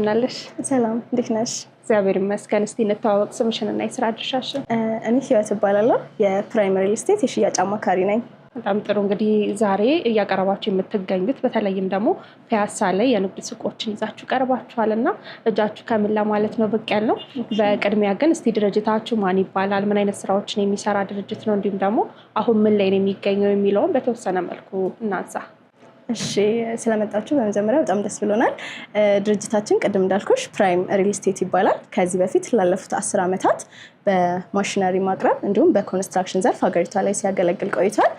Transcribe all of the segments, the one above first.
እንደምናለሽ። ሰላም፣ እንዴት ነሽ? እግዚአብሔር ይመስገን። እስቲ እንተዋወቅ፣ ስምሽንና የስራ ድርሻሽን። እኔ ህይወት እባላለሁ። የፕራይመሪ ስቴት የሽያጭ አማካሪ ነኝ። በጣም ጥሩ። እንግዲህ ዛሬ እያቀረባችሁ የምትገኙት በተለይም ደግሞ ፒያሳ ላይ የንግድ ሱቆችን ይዛችሁ ቀርባችኋል እና እጃችሁ ከምን ለማለት ነው ብቅ ያልነው። በቅድሚያ ግን እስቲ ድርጅታችሁ ማን ይባላል፣ ምን አይነት ስራዎችን የሚሰራ ድርጅት ነው፣ እንዲሁም ደግሞ አሁን ምን ላይ ነው የሚገኘው የሚለውን በተወሰነ መልኩ እናንሳ። እሺ ስለመጣችሁ በመጀመሪያ በጣም ደስ ብሎናል። ድርጅታችን ቅድም እንዳልኩሽ ፕራይም ሪል ስቴት ይባላል። ከዚህ በፊት ላለፉት አስር ዓመታት በማሽነሪ ማቅረብ እንዲሁም በኮንስትራክሽን ዘርፍ ሀገሪቷ ላይ ሲያገለግል ቆይቷል።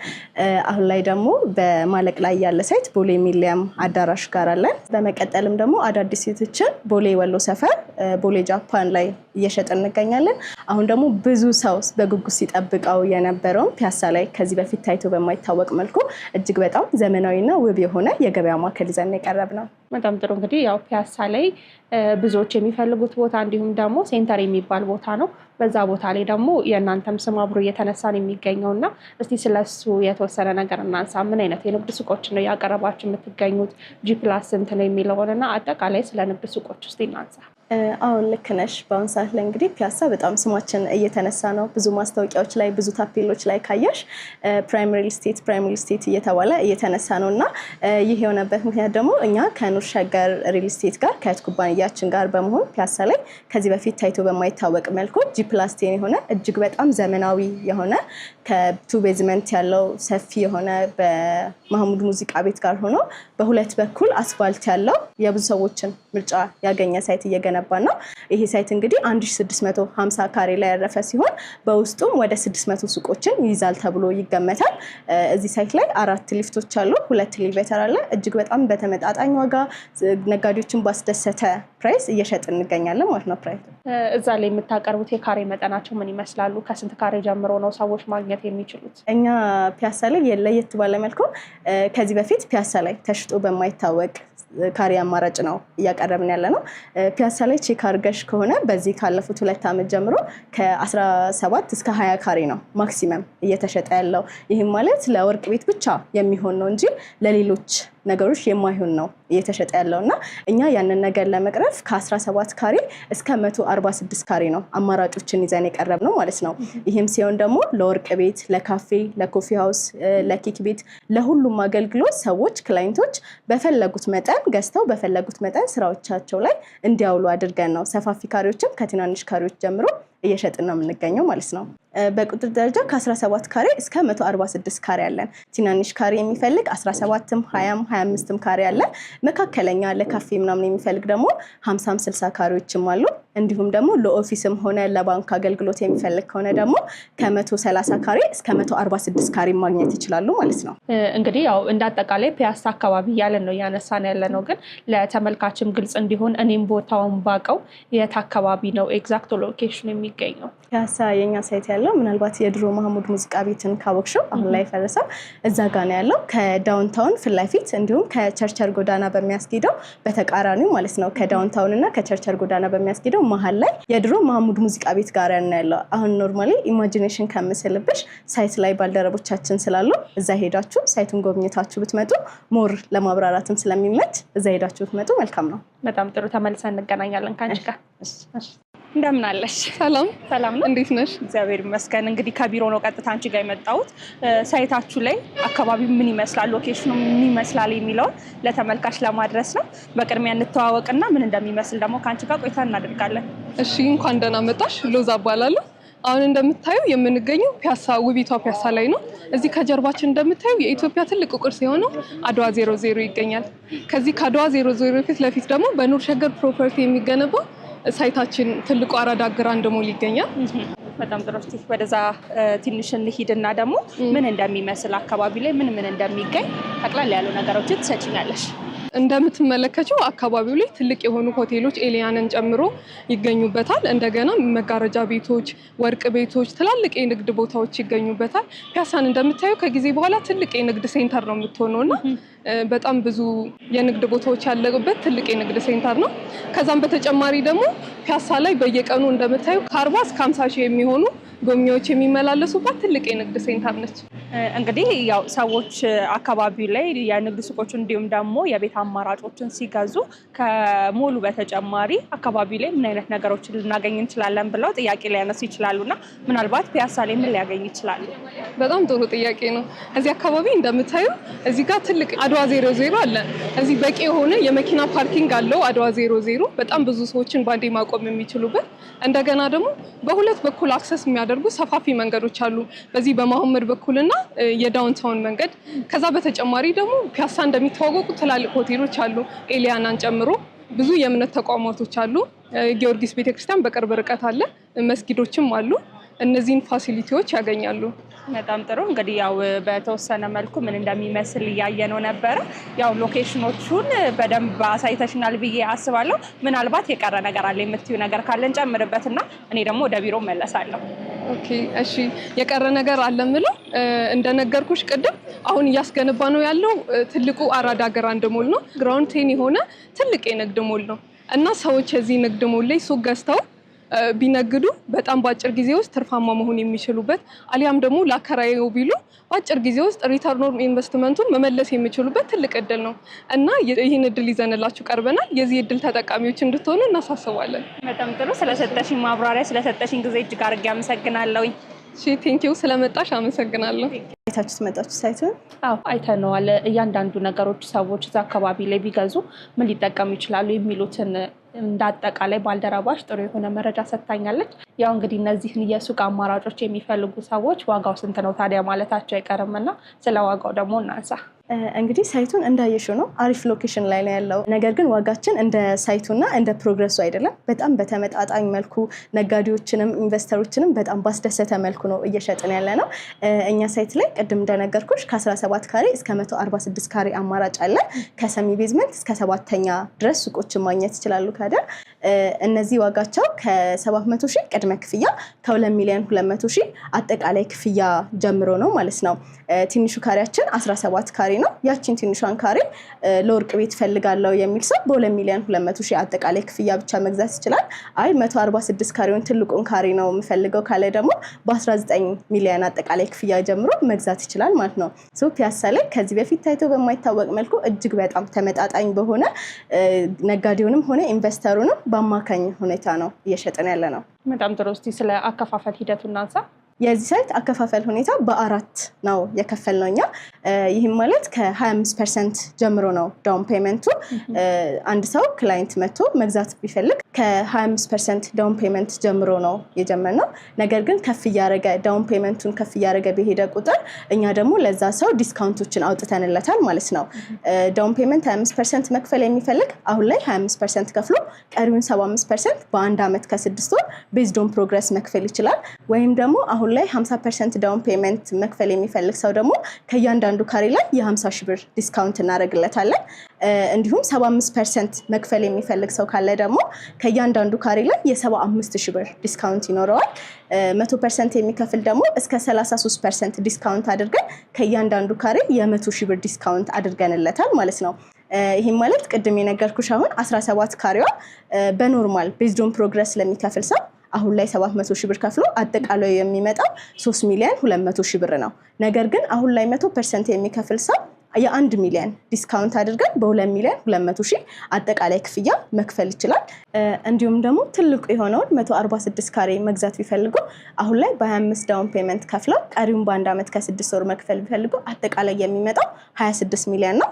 አሁን ላይ ደግሞ በማለቅ ላይ ያለ ሳይት ቦሌ ሚሊያም አዳራሽ ጋር አለን። በመቀጠልም ደግሞ አዳዲስ ሴቶችን ቦሌ ወሎ ሰፈር፣ ቦሌ ጃፓን ላይ እየሸጠ እንገኛለን። አሁን ደግሞ ብዙ ሰው በጉጉት ሲጠብቀው የነበረውን ፒያሳ ላይ ከዚህ በፊት ታይቶ በማይታወቅ መልኩ እጅግ በጣም ዘመናዊና ውብ የሆነ የገበያ ማዕከል ይዘን የቀረብ ነው። በጣም ጥሩ እንግዲህ ያው ፒያሳ ላይ ብዙዎች የሚፈልጉት ቦታ እንዲሁም ደግሞ ሴንተር የሚባል ቦታ ነው። በዛ ቦታ ላይ ደግሞ የእናንተም ስም አብሮ እየተነሳ የሚገኘው እና እስቲ ስለሱ የተወሰነ ነገር እናንሳ። ምን አይነት የንግድ ሱቆች ነው ያቀረባችሁ የምትገኙት? ጂፕላስ ስንት ነው የሚለውን እና አጠቃላይ ስለ ንግድ ሱቆች ውስጥ እናንሳ። አሁን ልክ ነሽ። በአሁን ሰዓት ላይ እንግዲህ ፒያሳ በጣም ስማችን እየተነሳ ነው። ብዙ ማስታወቂያዎች ላይ ብዙ ታፔሎች ላይ ካያሽ ፕራይመሪ ስቴት ፕራይመሪ ስቴት እየተባለ እየተነሳ ነው እና ይህ የሆነበት ምክንያት ደግሞ እኛ ከኑር ሸገር ሪል ስቴት ጋር ከያት ኩባንያችን ጋር በመሆን ፒያሳ ላይ ከዚህ በፊት ታይቶ በማይታወቅ መልኩ ጂፕላስቴን የሆነ እጅግ በጣም ዘመናዊ የሆነ ከቱ ቤዝመንት ያለው ሰፊ የሆነ በማህሙድ ሙዚቃ ቤት ጋር ሆኖ በሁለት በኩል አስፋልት ያለው የብዙ ሰዎችን ምርጫ ያገኘ ሳይት እየገነ የተገነባ ነው። ይሄ ሳይት እንግዲህ 1650 ካሬ ላይ ያረፈ ሲሆን በውስጡም ወደ 600 ሱቆችን ይይዛል ተብሎ ይገመታል። እዚህ ሳይት ላይ አራት ሊፍቶች አሉ፣ ሁለት ሊቬተር አለ። እጅግ በጣም በተመጣጣኝ ዋጋ ነጋዴዎችን ባስደሰተ ፕራይስ እየሸጥ እንገኛለን ማለት ነው። ፕራይስ እዛ ላይ የምታቀርቡት የካሬ መጠናቸው ምን ይመስላሉ? ከስንት ካሬ ጀምሮ ነው ሰዎች ማግኘት የሚችሉት? እኛ ፒያሳ ላይ ለየት ባለመልኩ ከዚህ በፊት ፒያሳ ላይ ተሽጦ በማይታወቅ ካሬ አማራጭ ነው እያቀረብን ያለ ነው። ፒያሳ ላይ ቼክ አድርገሽ ከሆነ በዚህ ካለፉት ሁለት ዓመት ጀምሮ ከ17 እስከ 20 ካሬ ነው ማክሲመም እየተሸጠ ያለው። ይህም ማለት ለወርቅ ቤት ብቻ የሚሆን ነው እንጂ ለሌሎች ነገሮች የማይሆን ነው እየተሸጠ ያለው እና እኛ ያንን ነገር ለመቅረፍ ከ17 ካሬ እስከ 146 ካሬ ነው አማራጮችን ይዘን የቀረብ ነው ማለት ነው። ይህም ሲሆን ደግሞ ለወርቅ ቤት፣ ለካፌ፣ ለኮፊ ሃውስ፣ ለኬክ ቤት፣ ለሁሉም አገልግሎት ሰዎች ክላይንቶች በፈለጉት መጠን ገዝተው በፈለጉት መጠን ስራዎቻቸው ላይ እንዲያውሉ አድርገን ነው ሰፋፊ ካሬዎችም ከትናንሽ ካሬዎች ጀምሮ እየሸጥን ነው የምንገኘው ማለት ነው። በቁጥር ደረጃ ከ17 ካሬ እስከ 146 ካሬ አለን። ትናንሽ ካሬ የሚፈልግ 17ም 20ም 25ም ካሬ አለን። መካከለኛ ለካፌ ምናምን የሚፈልግ ደግሞ 50ም 60 ካሬዎችም አሉ። እንዲሁም ደግሞ ለኦፊስም ሆነ ለባንክ አገልግሎት የሚፈልግ ከሆነ ደግሞ ከ130 ካሬ እስከ 146 ካሬ ማግኘት ይችላሉ ማለት ነው። እንግዲህ ያው እንዳጠቃላይ ፒያሳ አካባቢ እያለን ነው እያነሳን ያለ ነው። ግን ለተመልካችም ግልጽ እንዲሆን እኔም ቦታውን ባቀው የት አካባቢ ነው ኤግዛክት ሎኬሽን የሚ የሚገኘው። ፒያሳ የኛ ሳይት ያለው ምናልባት የድሮ ማህሙድ ሙዚቃ ቤትን ካወቅሽው አሁን ላይ ፈረሰው እዛ ጋ ነው ያለው ከዳውንታውን ፊት ለፊት እንዲሁም ከቸርቸር ጎዳና በሚያስጌደው በተቃራኒው ማለት ነው ከዳውንታውን እና ከቸርቸር ጎዳና በሚያስጌደው መሀል ላይ የድሮ ማህሙድ ሙዚቃ ቤት ጋር ነው ያለው። አሁን ኖርማሊ ኢማጂኔሽን ከምስልብሽ ሳይት ላይ ባልደረቦቻችን ስላሉ እዛ ሄዳችሁ ሳይቱን ጎብኝታችሁ ብትመጡ ሞር ለማብራራትም ስለሚመች እዛ ሄዳችሁ ብትመጡ መልካም ነው። በጣም ጥሩ። ተመልሰን እንገናኛለን ከአንቺ ጋር። እንደምናለሽ ሰላም ሰላም ነው። እንዴት ነሽ? እግዚአብሔር ይመስገን። እንግዲህ ከቢሮ ነው ቀጥታ አንቺ ጋር የመጣሁት። ሳይታችሁ ላይ አካባቢው ምን ይመስላል፣ ሎኬሽኑ ምን ይመስላል የሚለውን ለተመልካች ለማድረስ ነው። በቅድሚያ እንተዋወቅና ምን እንደሚመስል ደግሞ ከአንቺ ጋር ቆይታ እናደርጋለን። እሺ፣ እንኳን ደህና መጣሽ። ሎዛ እባላለሁ። አሁን እንደምታዩ የምንገኘው ፒያሳ ውቢቷ ፒያሳ ላይ ነው። እዚህ ከጀርባችን እንደምታዩ የኢትዮጵያ ትልቅ ቅርስ የሆነው አድዋ ዜሮ ዜሮ ይገኛል። ከዚህ ከአድዋ ዜሮ ዜሮ ፊት ለፊት ደግሞ በኑር ሸገር ፕሮፐርቲ የሚገነባው ሳይታችን ትልቁ አራዳ ግራንድ ሞል ይገኛል። በጣም ጥሩ። እስኪ ወደዛ ትንሽ እንሂድና ደግሞ ምን እንደሚመስል አካባቢ ላይ ምን ምን እንደሚገኝ ጠቅላላ ያሉ ነገሮችን ትሰጭኛለሽ። እንደምትመለከችው አካባቢው ላይ ትልቅ የሆኑ ሆቴሎች ኤሊያንን ጨምሮ ይገኙበታል። እንደገና መጋረጃ ቤቶች፣ ወርቅ ቤቶች፣ ትላልቅ የንግድ ቦታዎች ይገኙበታል። ፒያሳን እንደምታየው ከጊዜ በኋላ ትልቅ የንግድ ሴንተር ነው የምትሆነው እና በጣም ብዙ የንግድ ቦታዎች ያለበት ትልቅ የንግድ ሴንተር ነው። ከዛም በተጨማሪ ደግሞ ፒያሳ ላይ በየቀኑ እንደምታዩ ከአርባ እስከ ሀምሳ ሺህ የሚሆኑ ጎብኚዎች የሚመላለሱባት ትልቅ የንግድ ሴንተር ነች። እንግዲህ ያው ሰዎች አካባቢው ላይ የንግድ ሱቆች እንዲሁም ደግሞ የቤት አማራጮችን ሲገዙ ከሞሉ በተጨማሪ አካባቢው ላይ ምን አይነት ነገሮችን ልናገኝ እንችላለን ብለው ጥያቄ ሊያነሱ ይችላሉ እና ምናልባት ፒያሳ ላይ ምን ሊያገኝ ይችላሉ? በጣም ጥሩ ጥያቄ ነው። እዚህ አካባቢ እንደምታዩ እዚህ ጋር ትልቅ አድዋ ዜሮ ዜሮ አለ። እዚህ በቂ የሆነ የመኪና ፓርኪንግ አለው። አድዋ ዜሮ ዜሮ በጣም ብዙ ሰዎችን ባንዴ ማቆም የሚችሉበት እንደገና ደግሞ በሁለት በኩል አክሰስ የሚያደርጉ ሰፋፊ መንገዶች አሉ። በዚህ በመሀመድ በኩልና የዳውንታውን መንገድ ከዛ በተጨማሪ ደግሞ ፒያሳ እንደሚተዋወቁ ትላልቅ ሆቴሎች አሉ። ኤሊያናን ጨምሮ ብዙ የእምነት ተቋማቶች አሉ። ጊዮርጊስ ቤተክርስቲያን በቅርብ ርቀት አለ። መስጊዶችም አሉ። እነዚህን ፋሲሊቲዎች ያገኛሉ። በጣም ጥሩ እንግዲህ ያው በተወሰነ መልኩ ምን እንደሚመስል እያየነው ነበረ። ያው ሎኬሽኖቹን በደንብ አሳይተሽናል ብዬ አስባለሁ። ምናልባት የቀረ ነገር አለ የምትዩ ነገር ካለን ጨምርበት እና እኔ ደግሞ ወደ ቢሮ መለሳለሁ። ኦኬ እሺ፣ የቀረ ነገር አለ ምለው እንደነገርኩሽ ቅድም አሁን እያስገነባ ነው ያለው ትልቁ አራዳ ግራንድ ሞል ነው። ግራውንድ ቴን የሆነ ትልቅ የንግድ ሞል ነው እና ሰዎች የዚህ ንግድ ሞል ላይ ሱቅ ገዝተው ቢነግዱ በጣም በአጭር ጊዜ ውስጥ ትርፋማ መሆን የሚችሉበት አሊያም ደግሞ ለአከራየው ቢሉ በአጭር ጊዜ ውስጥ ሪተርኖር ኢንቨስትመንቱን መመለስ የሚችሉበት ትልቅ እድል ነው እና ይህን እድል ይዘንላችሁ ቀርበናል። የዚህ እድል ተጠቃሚዎች እንድትሆኑ እናሳስባለን። በጣም ጥሩ። ስለሰጠሽኝ ማብራሪያ፣ ስለሰጠሽኝ ጊዜ እጅግ አድርጌ አመሰግናለሁ። ቴንኪው ስለመጣሽ አመሰግናለሁ። አይታችሁ ትመጣችሁ ሳይትሆን? አዎ አይተነዋል። እያንዳንዱ ነገሮች ሰዎች እዛ አካባቢ ላይ ቢገዙ ምን ሊጠቀሙ ይችላሉ የሚሉትን እንደ አጠቃላይ ባልደረባሽ ጥሩ የሆነ መረጃ ሰጥታኛለች። ያው እንግዲህ እነዚህን የሱቅ አማራጮች የሚፈልጉ ሰዎች ዋጋው ስንት ነው ታዲያ ማለታቸው አይቀርም እና ስለ ዋጋው ደግሞ እናንሳ። እንግዲህ ሳይቱን እንዳየሽው ነው፣ አሪፍ ሎኬሽን ላይ ነው ያለው። ነገር ግን ዋጋችን እንደ ሳይቱና እንደ ፕሮግረሱ አይደለም። በጣም በተመጣጣኝ መልኩ ነጋዴዎችንም ኢንቨስተሮችንም በጣም ባስደሰተ መልኩ ነው እየሸጥን ያለ ነው። እኛ ሳይት ላይ ቅድም እንደነገርኩሽ ከ17 ካሬ እስከ 146 ካሬ አማራጭ አለ። ከሰሚ ቤዝመንት እስከ ሰባተኛ ድረስ ሱቆችን ማግኘት ይችላሉ። ካደር እነዚህ ዋጋቸው ከ700 ሺህ ቅድመ ክፍያ ከ2 ሚሊዮን 200 ሺህ አጠቃላይ ክፍያ ጀምሮ ነው ማለት ነው። ትንሹ ካሬያችን 17 ካሬ ነው። ያችን ትንሿን ካሬ ለወርቅ ቤት ፈልጋለው የሚል ሰው በ2 ሚሊዮን 200 ሺህ አጠቃላይ ክፍያ ብቻ መግዛት ይችላል። አይ 146 ካሬውን ትልቁን ካሬ ነው የምፈልገው ካለ ደግሞ በ19 ሚሊዮን አጠቃላይ ክፍያ ጀምሮ መግዛት ይችላል ማለት ነው። ፒያሳ ላይ ከዚህ በፊት ታይቶ በማይታወቅ መልኩ እጅግ በጣም ተመጣጣኝ በሆነ ነጋዴውንም ሆነ ክለስተሩንም በአማካኝ ሁኔታ ነው እየሸጥን ያለ ነው። በጣም ጥሩ። እስኪ ስለ አከፋፈል ሂደቱ እናንሳ። የዚህ ሳይት አከፋፈል ሁኔታ በአራት ነው የከፈል ነው እኛ። ይህም ማለት ከ25 ፐርሰንት ጀምሮ ነው ዳውን ፔመንቱ። አንድ ሰው ክላይንት መጥቶ መግዛት ቢፈልግ ከ25 ፐርሰንት ዳውን ፔመንት ጀምሮ ነው የጀመርነው። ነገር ግን ከፍ እያደረገ ዳውን ፔመንቱን ከፍ እያደረገ በሄደ ቁጥር እኛ ደግሞ ለዛ ሰው ዲስካውንቶችን አውጥተንለታል ማለት ነው። ዳውን ፔመንት 25 ፐርሰንት መክፈል የሚፈልግ አሁን ላይ 25 ፐርሰንት ከፍሎ ቀሪውን 75 ፐርሰንት በአንድ ዓመት ከስድስት ወር ቤዝዶን ፕሮግረስ መክፈል ይችላል። ወይም ደግሞ አሁን ላይ 50 ፐርሰንት ዳውን ፔመንት መክፈል የሚፈልግ ሰው ደግሞ ከእያንዳ እያንዳንዱ ካሬ ላይ የ50 ሺህ ብር ዲስካውንት እናደርግለታለን። እንዲሁም 75 ፐርሰንት መክፈል የሚፈልግ ሰው ካለ ደግሞ ከእያንዳንዱ ካሬ ላይ የ75 ሺህ ብር ዲስካውንት ይኖረዋል። 100 ፐርሰንት የሚከፍል ደግሞ እስከ 33 ፐርሰንት ዲስካውንት አድርገን ከእያንዳንዱ ካሬ የ100 ሺህ ብር ዲስካውንት አድርገንለታል ማለት ነው። ይህም ማለት ቅድም የነገርኩሽ አሁን 17 ካሬዋ በኖርማል ቤዝዶን ፕሮግረስ ለሚከፍል ሰው አሁን ላይ 700 ሺህ ብር ከፍሎ አጠቃላይ የሚመጣው 3 ሚሊዮን 200 ሺህ ብር ነው። ነገር ግን አሁን ላይ 100 ፐርሰንት የሚከፍል ሰው የአንድ ሚሊዮን ዲስካውንት አድርገን በ2 ሚሊዮን 200 ሺህ አጠቃላይ ክፍያ መክፈል ይችላል። እንዲሁም ደግሞ ትልቁ የሆነውን 146 ካሬ መግዛት ቢፈልጉ አሁን ላይ በ25 ዳውን ፔመንት ከፍለው ቀሪውን በአንድ ዓመት ከስድስት ወር መክፈል ቢፈልጉ አጠቃላይ የሚመጣው 26 ሚሊዮን ነው።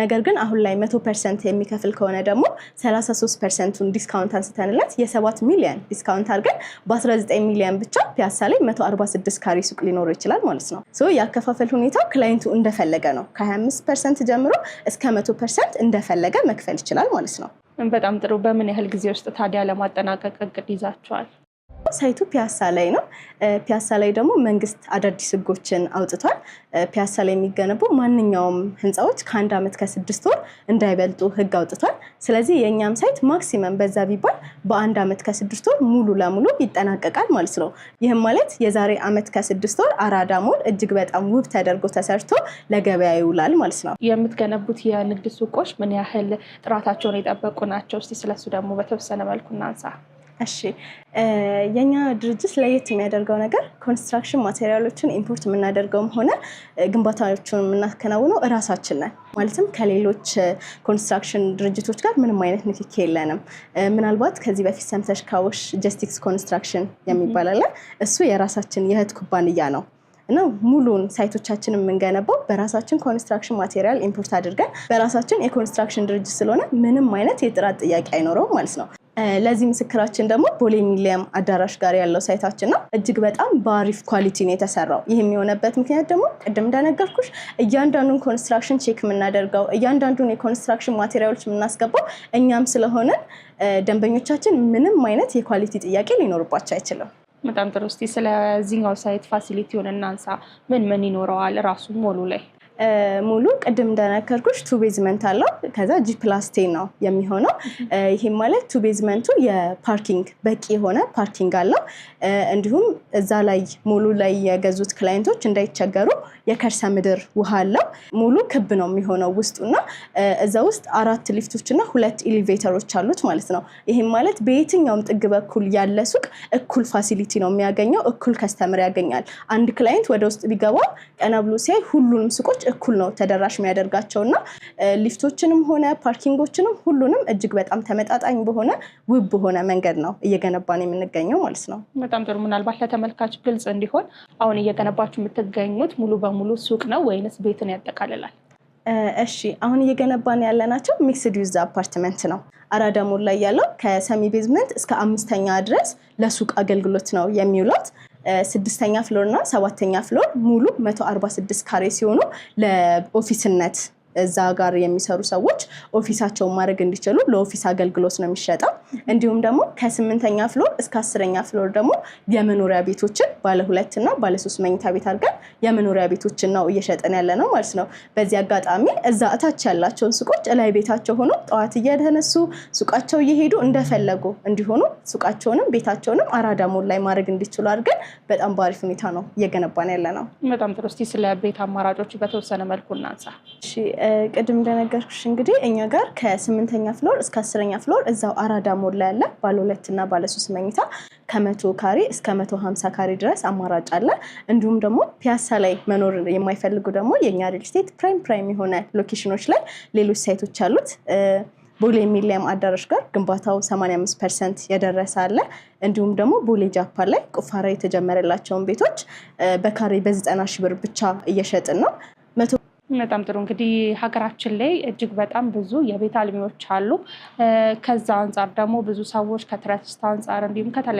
ነገር ግን አሁን ላይ መቶ ፐርሰንት የሚከፍል ከሆነ ደግሞ 33 ፐርሰንቱን ዲስካውንት አንስተንለት የ7 ሚሊዮን ዲስካውንት አድርገን በ19 ሚሊዮን ብቻ ፒያሳ ላይ 146 ካሬ ሱቅ ሊኖረው ይችላል ማለት ነው። የአከፋፈል ሁኔታው ክላይንቱ እንደፈለገ ነው። ከ25 ፐርሰንት ጀምሮ እስከ 100 ፐርሰንት እንደፈለገ መክፈል ይችላል ማለት ነው። በጣም ጥሩ። በምን ያህል ጊዜ ውስጥ ታዲያ ለማጠናቀቅ እቅድ ይዛችኋል? ሳይቱ ፒያሳ ላይ ነው። ፒያሳ ላይ ደግሞ መንግስት አዳዲስ ህጎችን አውጥቷል። ፒያሳ ላይ የሚገነቡ ማንኛውም ህንፃዎች ከአንድ ዓመት ከስድስት ወር እንዳይበልጡ ህግ አውጥቷል። ስለዚህ የእኛም ሳይት ማክሲመም በዛ ቢባል በአንድ ዓመት ከስድስት ወር ሙሉ ለሙሉ ይጠናቀቃል ማለት ነው። ይህም ማለት የዛሬ ዓመት ከስድስት ወር አራዳ ሞል እጅግ በጣም ውብ ተደርጎ ተሰርቶ ለገበያ ይውላል ማለት ነው። የምትገነቡት የንግድ ሱቆች ምን ያህል ጥራታቸውን የጠበቁ ናቸው? እስቲ ስለሱ ደግሞ በተወሰነ መልኩ እናንሳ። እሺ የኛ ድርጅት ለየት የሚያደርገው ነገር ኮንስትራክሽን ማቴሪያሎችን ኢምፖርት የምናደርገውም ሆነ ግንባታዎቹን የምናከናውነው እራሳችን ነን። ማለትም ከሌሎች ኮንስትራክሽን ድርጅቶች ጋር ምንም አይነት ንክኪ የለንም። ምናልባት ከዚህ በፊት ሰምተሽ ካወሽ ጀስቲክስ ኮንስትራክሽን የሚባል አለ። እሱ የራሳችን የእህት ኩባንያ ነው እና ሙሉን ሳይቶቻችን የምንገነባው በራሳችን ኮንስትራክሽን ማቴሪያል ኢምፖርት አድርገን በራሳችን የኮንስትራክሽን ድርጅት ስለሆነ ምንም አይነት የጥራት ጥያቄ አይኖረውም ማለት ነው። ለዚህ ምስክራችን ደግሞ ቦሌ ሚሊኒየም አዳራሽ ጋር ያለው ሳይታችን ነው። እጅግ በጣም በአሪፍ ኳሊቲ ነው የተሰራው። ይህም የሆነበት ምክንያት ደግሞ ቅድም እንደነገርኩሽ እያንዳንዱን ኮንስትራክሽን ቼክ የምናደርገው እያንዳንዱን የኮንስትራክሽን ማቴሪያሎች የምናስገባው እኛም ስለሆነ ደንበኞቻችን ምንም አይነት የኳሊቲ ጥያቄ ሊኖርባቸው አይችልም። በጣም ጥሩ። እስኪ ስለዚህኛው ሳይት ፋሲሊቲውን እናንሳ። ምን ምን ይኖረዋል ራሱ ሞሉ ላይ ሙሉ ቅድም እንደነከርኩሽ ቱ ቤዝመንት አለው። ከዛ ጂ ፕላስ ቴን ነው የሚሆነው። ይህም ማለት ቱ ቤዝመንቱ የፓርኪንግ በቂ የሆነ ፓርኪንግ አለው። እንዲሁም እዛ ላይ ሙሉ ላይ የገዙት ክላይንቶች እንዳይቸገሩ የከርሰ ምድር ውሃ አለው። ሙሉ ክብ ነው የሚሆነው እና እዛ ውስጥ አራት ሊፍቶች እና ሁለት ኤሌቬተሮች አሉት ማለት ነው። ይህም ማለት በየትኛውም ጥግ በኩል ያለ ሱቅ እኩል ፋሲሊቲ ነው የሚያገኘው፣ እኩል ከስተምር ያገኛል። አንድ ክላይንት ወደ ውስጥ ቢገባ ቀና ብሎ ሲያይ ሁሉንም ሱቆች እኩል ነው ተደራሽ የሚያደርጋቸው እና ሊፍቶችንም ሆነ ፓርኪንጎችንም ሁሉንም እጅግ በጣም ተመጣጣኝ በሆነ ውብ በሆነ መንገድ ነው እየገነባን የምንገኘው ማለት ነው። በጣም ጥሩ። ምናልባት ለተመልካች ግልጽ እንዲሆን አሁን እየገነባችሁ የምትገኙት ሙሉ በሙሉ ሱቅ ነው ወይንስ ቤትን ያጠቃልላል? እሺ አሁን እየገነባን ያለናቸው ሚክስድ ዩዝ አፓርትመንት ነው። አራዳ ሞል ላይ ያለው ከሰሚ ቤዝመንት እስከ አምስተኛ ድረስ ለሱቅ አገልግሎት ነው የሚውላት። ስድስተኛ ፍሎር እና ሰባተኛ ፍሎር ሙሉ 146 ካሬ ሲሆኑ ለኦፊስነት እዛ ጋር የሚሰሩ ሰዎች ኦፊሳቸውን ማድረግ እንዲችሉ ለኦፊስ አገልግሎት ነው የሚሸጠው። እንዲሁም ደግሞ ከስምንተኛ ፍሎር እስከ አስረኛ ፍሎር ደግሞ የመኖሪያ ቤቶችን ባለ ሁለት እና ባለ ሶስት መኝታ ቤት አድርገን የመኖሪያ ቤቶችን ነው እየሸጠን ያለ ነው ማለት ነው። በዚህ አጋጣሚ እዛ እታች ያላቸውን ሱቆች እላይ ቤታቸው ሆኖ ጠዋት እየተነሱ ሱቃቸው እየሄዱ እንደፈለጉ እንዲሆኑ ሱቃቸውንም ቤታቸውንም አራዳ ሞል ላይ ማድረግ እንዲችሉ አድርገን በጣም በአሪፍ ሁኔታ ነው እየገነባን ያለ ነው። በጣም ጥሩ። እስኪ ስለ ቤት አማራጮች በተወሰነ መልኩ እናንሳ። ቅድም እንደነገርኩሽ እንግዲህ እኛ ጋር ከስምንተኛ ፍሎር እስከ አስረኛ ፍሎር እዛው አራዳ ላይ ያለ ባለ ሁለት እና ባለ ሶስት መኝታ ከመቶ ካሬ እስከ መቶ ሀምሳ ካሬ ድረስ አማራጭ አለ። እንዲሁም ደግሞ ፒያሳ ላይ መኖር የማይፈልጉ ደግሞ የእኛ ሪል ስቴት ፕራይም ፕራይም የሆነ ሎኬሽኖች ላይ ሌሎች ሳይቶች አሉት። ቦሌ ሚሊየም አዳራሽ ጋር ግንባታው 85 ፐርሰንት የደረሰ አለ። እንዲሁም ደግሞ ቦሌ ጃፓን ላይ ቁፋራ የተጀመረላቸውን ቤቶች በካሬ በ90 ሺህ ብር ብቻ እየሸጥን ነው። በጣም ጥሩ እንግዲህ ሀገራችን ላይ እጅግ በጣም ብዙ የቤት አልሚዎች አሉ። ከዛ አንጻር ደግሞ ብዙ ሰዎች ከትረስት አንጻር እንዲሁም ከተለያዩ